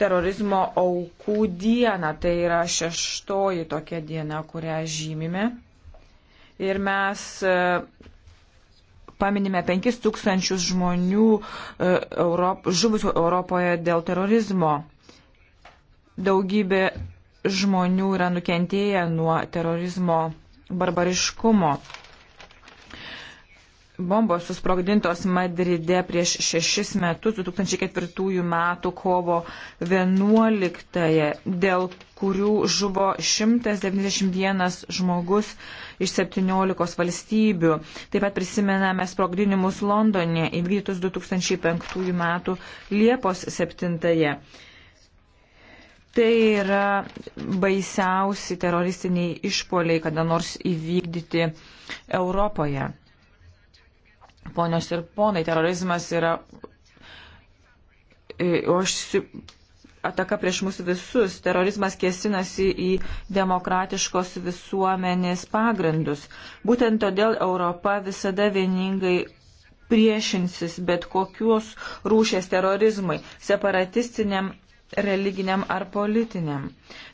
terorizmo aukų dieną. Tai yra šeštoji tokia diena, kurią žymime. Ir mes e, paminime 5000 žmonių e, Europ, žuvusių Europoje dėl terorizmo. Daugybė žmonių yra nukentėję nuo terorizmo barbariškumo bombos susprogdintos Madride prieš šešis metus, 2004 metų kovo 11, dėl kurių žuvo 191 žmogus iš 17 valstybių. Taip pat prisimename sprogdinimus Londone įvykdytus 2005 metų Liepos 7. -ąją. Tai yra baisiausi teroristiniai išpoliai kada nors įvykdyti Europoje. Ponios ir ponai, terorizmas yra ošsi e, ataka prieš mus visus. Terorizmas kėsinasi į demokratiškos visuomenės pagrindus. Būtent todėl Europa visada vieningai priešinsis bet kokios rūšės terorizmui, separatistiniam, religiniam ar politiniam.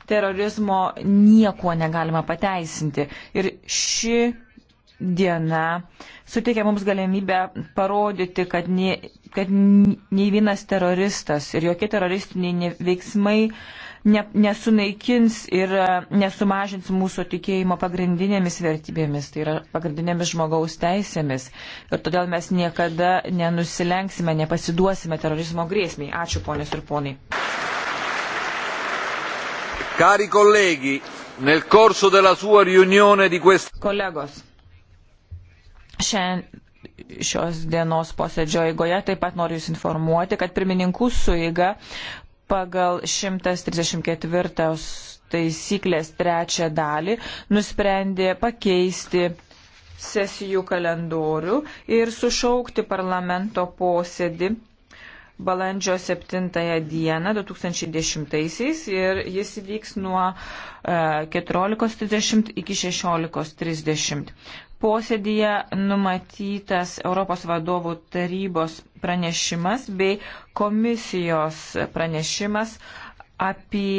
Terorizmo nieko negalima pateisinti. Ir ši diena suteikia mums galimybę parodyti, kad, nie, kad nei vienas teroristas ir jokie teroristiniai veiksmai ne, nesunaikins ir e, nesumažins mūsų tikėjimo pagrindinėmis vertybėmis, tai yra pagrindinėmis žmogaus teisėmis. Ir todėl mes niekada nenusilenksime, nepasiduosime terorizmo grėsmiai. Ačiū ponės ir ponai. Cari colleghi, nel corso della sua riunione di questa... Kolegos. Šiandien šios dienos posėdžio eigoje taip pat noriu Jūs informuoti, kad pirmininkų suiga pagal 134 taisyklės trečią dalį nusprendė pakeisti sesijų kalendorių ir sušaukti parlamento posėdį balandžio 7 dieną 2010-aisiais ir jis vyks nuo 14.30 e, iki 16.30. Posėdėje numatytas Europos vadovų tarybos pranešimas bei komisijos pranešimas apie